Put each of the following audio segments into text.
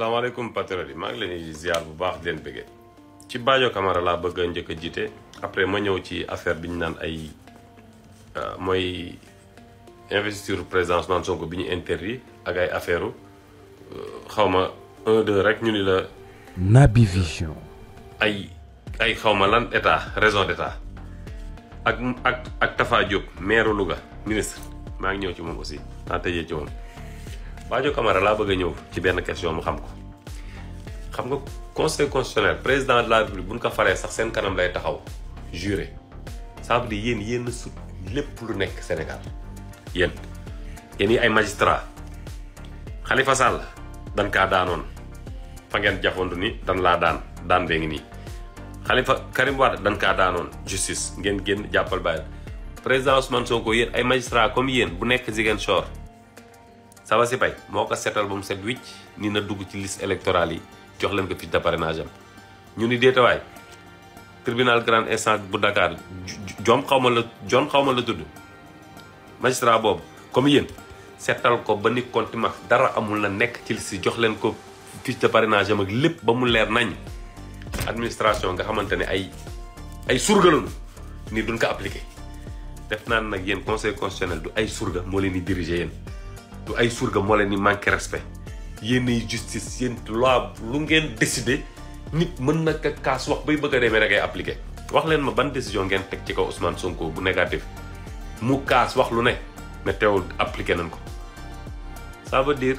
asalaamaaleykum patriote yi mag ngi leen ziar bu baax den bege ci Badio Camara la bëgg ñëk jité après ma ñëw ci affaire bi nane naan ay euh, moy investiture présence nan Sonko bi ñu interdit ak ay affaireu euh, xawma 1 2 rek ñu ni la. nabi Vision. ay ay xawma lan état raison d'état ak ak ak Tafa Diop maire Louga ministre maa ngi ñëw ci mom aussi ta tayé ci mom Badio Camara la bëgg ñëw ci benn question mu xam ko xam nga conseil constitutionnel président de la république bu ñu ko faree sax seen kanam lay taxaw juré ça veut dire yéen yéen sut lépp lu nekk Sénégal yéen yéen ay magistrat Khalifa Sall dan kaa daanoon fa ngeen jafandu ni dan laa daan daan bee ngi nii Khalifa Karim Wade dan kaa daanoon justice ngeen génn jàppal bàyyi président Ousmane Sonko yéen ay magistrat comme yéen bu nekk Ziguinchor Sabassy Faye moo ko seetal ba mu set wicc ni na dugg ci liste électorale yi jox leen ko fi de am ñu ni deetawaay tribunal grand instance bu Dakar joom xawma la joom xawma la tudd magistrat boobu comme yéen seetal ko ba ni compte mag dara amul la nekk ci si jox leen ko fi am ak lépp ba mu leer nañ administration nga xamante ay ay surga lañu ni duñ ko appliquer def naan nag yéen conseil constitutionnel du ay surga moo leen di diriger yéen du ay surga moo leen di manquer respect yene justice yene loi lu ngeen décider nit mën na ka kaas wax bay bëgg a demee rek ay appliqué. wax leen ma ban décision ngeen tek ci ko Ousmane Sonko bu négatif mu kaas wax lu ne mais téw appliquer nañ ko ça veut dire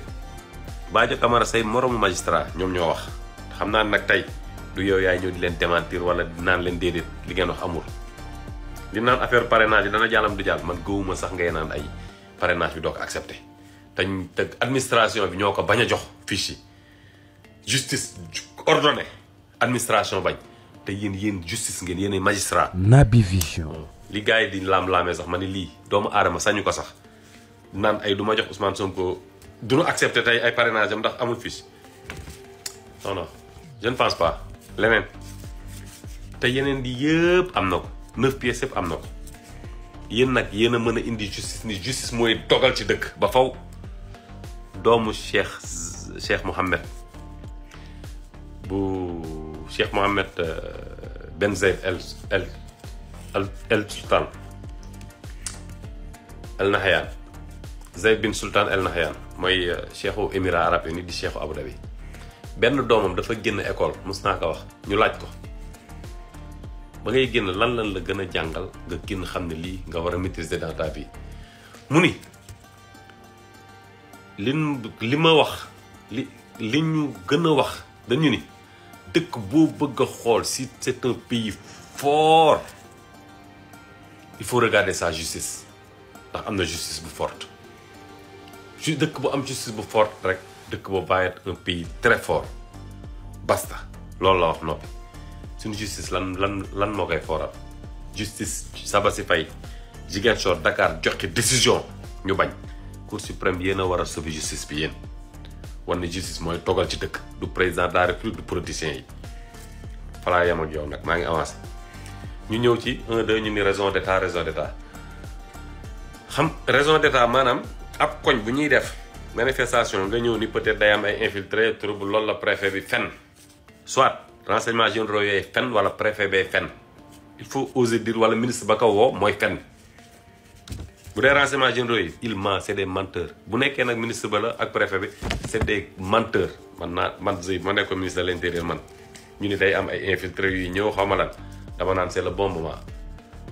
Badio Camara say morom magistrat ñom ñoo wax xamna nak tay du yow yaay ñëw di leen démentir wala naan leen dédé li ngeen wax amul. di naan affaire parrainage dana jallam du jall man gëwuma sax ngay naan ay parrainage bi dok accepter dañ te administration bi ñoko baña a jox fiche justice ordonné administration bañ te yeen yeen justice ngeen yeen magistrat Nabi Vision li gaay di lam lamé sax mané li doomu aadama sañu ko sax nan ay duma jox Ousmane Sonko duñu accepter tay ay parrainage ndax amul fiche non non je ne pense pas lenen te yeneen di yëpp amna na ko neuf pièces amna ko nak indi justice ni justice moy dogal ci dëkk ba faw doomu Cheikh Cheikh Mohammed bu Cheikh Mohammed Ben Zayed El El El El Sultan El Nahyan Zayed bin Sultan El Nahyan mooy cheikhu émirat arabe uni di cheikhu Abu Dhabi benn doomam dafa génn école mos naa ko wax ñu laaj ko ba ngay génn lan lan la gën a jàngal nga génn xam ne lii nga war a maîtriser dans ta vie mu ni liñ li ma wax li li ñu gën a wax dañu ni dëkk boo bëgg a xool si c'est un pays fort il faut regarder sa justice ndax am na justice bu forte ju dëkk bu am justice bu forte rek dëkk boo bàyyi un pays très fort basta loolu la wax noppi suñu justice lan lan lan moo koy fooral justice Sabassy Faye Ziguinchor Dakar joxe décision ñu bañ cour suprême yéen a war a sauver justice bi yéen war na justice mooy toggal ci dëkk du président de la république du politicien yi falaa yam ak nag maa ngi avancé ñu ñëw ci un deux ñu ni raison d' état raison d' xam raison d' état maanaam ab koñ bu ñuy def manifestation nga ñëw ni peut-être day am ay infiltre infiltré bu loolu la préfet bi fen soit renseignement généraux yooyu fen wala préfet bay fen il faut oser dire wala ministre ba ko woo mooy fen bu dee renseignements généraux yi il ment c' est des bu nekkee nag ministre ba la ak préfet bi c' est des menteurs man naa man ma nekkoon ministre de l' intérieur man ñu ni day am ay infiltré yu ñëw xaw ma lan dama naan c' est le bon moment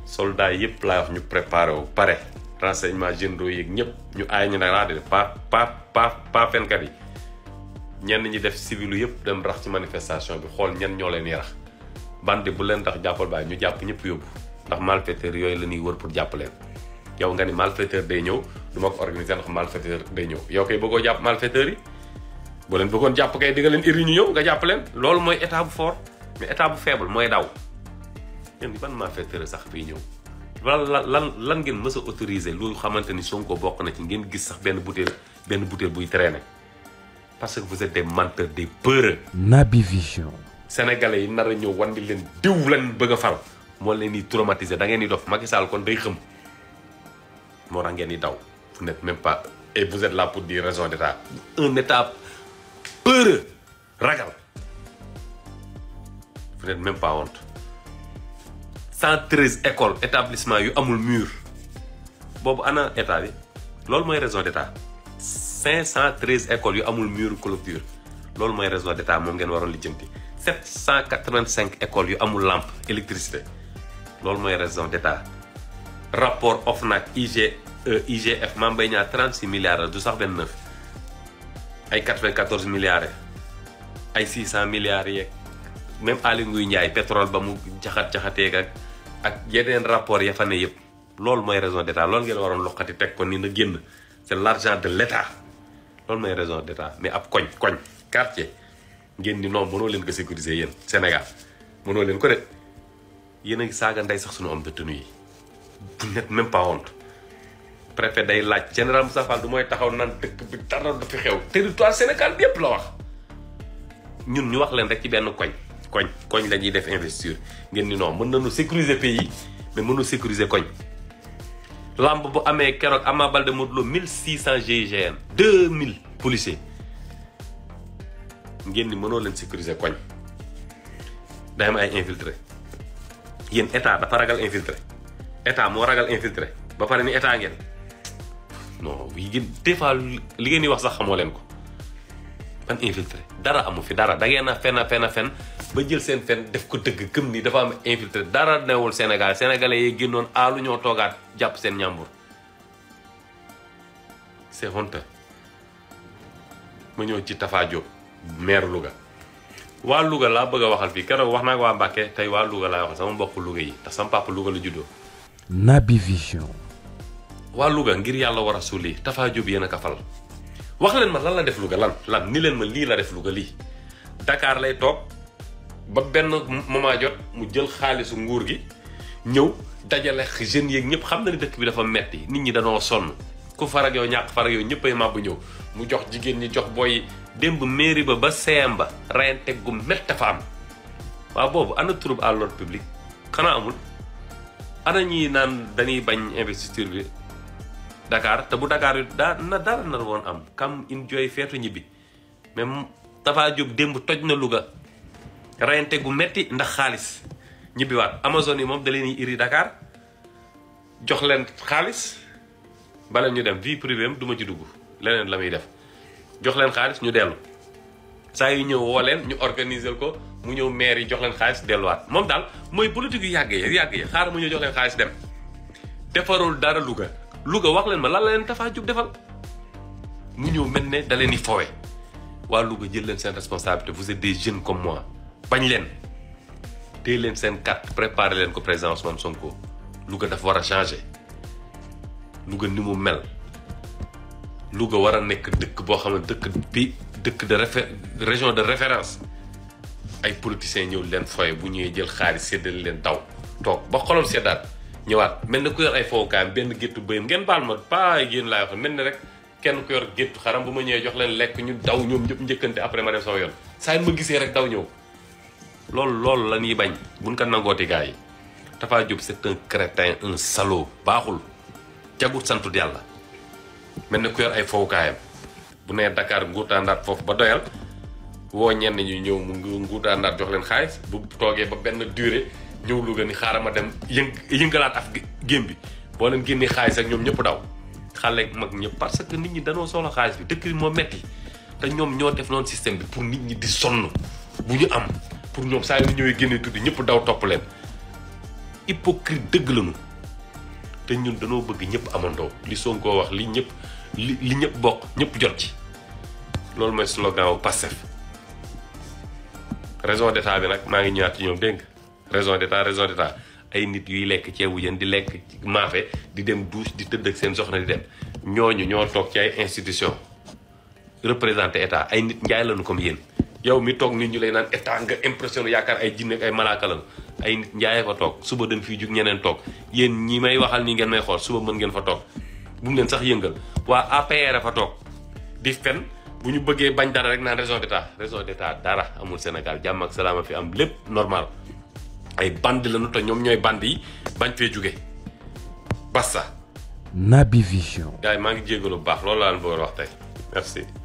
soldats yëpp laa wax ñu préparé wu pare renseignements généraux yi ñëpp ñu aay ñu ne laa ah, de pas pas pas pas yi ñenn ñi def civilu yëpp dem rax ci manifestation bi xool ñenn ñoo leen yarax bandi bu leen tax jàppal bàyyi ñu jàpp ñëpp yóbbu ndax malfaiteurs yooyu la ñuy wër pour jàpp yow nga ni malfaiteur day ñew duma ko organiser ndax malfaiteur day ñew yow kay bëggo japp malfaiteur yi bo leen bëggon japp kay di nga leen iri ñu ñew nga japp leen lool moy état bu fort mais état bu faible moy daw ñen ban malfaiteur sax fiy ñew lan lan lan ngeen mësa autoriser lu xamanteni Sonko bok na ci ngeen gis sax benn bouteille benn bouteille buy traîner parce que vous êtes des menteurs des peureux. nabi Vision. sénégalais yi nara ñew wandi wan leen diw lan bëgg a fal moo leen di traumatiser da ngeen di dof Macky Sall kon day xam vous n'êtes même pas et vous êtes là pour dire raison d'état un état peureux ragal vous n'êtes même pas honte 113 écoles établissement yu un mur Bob, Anna état bi raison d'état 513 écoles écoles yu amul mur clôture loolu raison d'état moom ngeen waroon lijjanti sept de écoles yu lampe électricité loolu mooy raison d'état rapport OFNAC IG euh, IGF Mame bay Niang 36 milliards la du sax 29 ay 94 milliards ay 600 milliards yek même ali nguy ñay pétrole ba mu jaxat jaxate ak ak yeneen rapport ya fa ne yeb lool moy raison d'état lool ngeen waron loxati tek ko ni na genn c'est l'argent de l'état lool moy raison d'état mais ab koñ koñ quartier ngeen di non mëno leen ko sécuriser yeen Sénégal mëno leen ko rek yeen ak saga nday sax suñu homme de tenue vous même pas honte préfet day laaj général Moussa Fall du moy taxaw nan dëkk bi dara du fi xew territoire Sénégal bi yépp la wax ñun ñu wax leen rek ci benn koñ koñ koñ lañuy def investiture ngeen ni non mën nañu sécuriser pays mais mënu sécuriser koñ lamb bu amé kérok Ama Baldé Modou Lô 1600 ggn 2000 policiers ngeen ni mëno leen sécuriser koñ day am ay infiltré yéen état dafa ragal infiltré état mo ragal infiltré ba paré ni état ngeen non wi gi fois li ngeen di wax sax xamoo len ko ban infiltré dara amu fi dara da ngeen na fen a fen a fen ba jël sen fen def ko dëgg gëm ni dafa am infiltré dara newul Sénégal sénégalais yi a lu ñoo togaat japp sen ñambur c'est honte ma ñoo ci Tafa Diop maire Louga wa Louga la bëgg waxal fi kéro waxna ko waa Mbàkke tey Louga la wax sama mbokk Louga yi ta sama papa Louga la juddoo Nabi Vision. Walu ga ngir yalla wa rasuli Tafa kafal wax len ma lan la def ga lan lan ni len ma li la def ga li Dakar lay tok ba ben moment jot mu jël khalisu nguur gi ñew dajale jeune yeeg ñep xam na ni dekk bi dafa metti nit ñi dañoo son ku farag yow ñàkk farag yow ñëppay màbbu ñew mu jox jigen ñi jox boy demb mairie ba ba CM ba gu metta fam wa bobu ana trouble à l'ordre public kana amul ana ñi naan dañuy bañ investir bi Dakar te bu Dakar yu na dara na won am kam enjoy fetu ñibi même Tafa job demu toj na luga rayante gu metti ndax ñibi wat Amazon yi mom da leen iri Dakar jox leen xaalis bala ñu dem vie privée duma ci dugg leneen la def jox leen ñu delu saa yu ñëw woo leen ñu organiser ko mu ñëw maire yi jox leen xaalis delluwaat moom daal mooy politique yu yàgg yi yàgg yi xaar mu ñëw jox leen xaalis dem defarul dara Louga Louga wax leen ma lan la leen tafa Tine defal mu ñëw mel ne da leen di fowe waa Louga jël leen seen responsabilité vous êtes des jeunes comme moi bañ leen téye leen seen carte préparé leen ko président Ousmane Sonko Louga dafa war a changer Louga ni mu mel Louga war a nekk dëkk boo xam ne dëkk bi dëkk de réfé région de référence ay politiciens ñëw leen foye bu ñëwee jël xaalis séddale leen daw toog ba xolam seddaat ñëwaat mel na ku yor ay fowukaayam benn gétu bëyam ngeen baal ma ba yéen laay wax mel ni rek kenn ku yor gétu xaram bu ma ñëwee jox leen lekk ñu daw ñoom ñëpp njëkkante après ma dem sama yoon saa ma gisee rek daw ñëw loolu loolu la ñuy bañ buñ ko nangooti gars yi Tapha Diop est un crétin un salaud baaxul jagut santu yàlla mel na ku yor ay kaayam bu nee Dakar nguutaandaat foofu ba doyal woo ñenn ñu ñëw mu nguutaandaat jox leen xaalis bu toogee ba benn durée ñëw Louga ni xaaral ma dem yëng yëngalaat af gém bi boo leen génnee xaalis ak ñoom ñëpp daw xale ak mag ñëpp parce que nit ñi danoo soxla xaalis bi dëkk bi moo metti te ñoom ñoo def noonu système bi pour nit ñi di sonn bu ñu am pour ñoom saa yu ñëwee génnee tudd ñëpp daw topp leen hypocrite dëgg lañu te ñun danoo bëgg ñëpp amandoo li Sonko wax li ñëpp li li ñëpp bokk ñëpp jot ci loolu mooy slogan wu Pastef raison d'état bi nag maa ngi ñëwaat ci ñoom dégg raison d'état raison d'état ay nit yuy lekk ceebu jën di lekk maafe di dem douche di tëdd seen soxna di dem ñooñu ñoo toog ci ay institution représenté état ay nit njaay lañu comme yéen yow mi toog nit ñu lay naan état nga impressionné yaakaar ay jinne ay malaaka lañu ay nit njaay fa toog suba dañ fiy jug ñeneen toog yéen ñi may waxal nii ngeen may xool suba mën ngeen fa toog mu leen sax yëngal waa toog di bu ñu bëggee bañ dara rek naan raison d'état raison d'état dara amul Sénégal jàmm ak salaama fi am lépp normal ay band la nu te ñoom ñooy band yi bañ fee jóge basta Naby Vision. gars yi maa ngi jégalu bu baax loolu laa leen wax tey merci.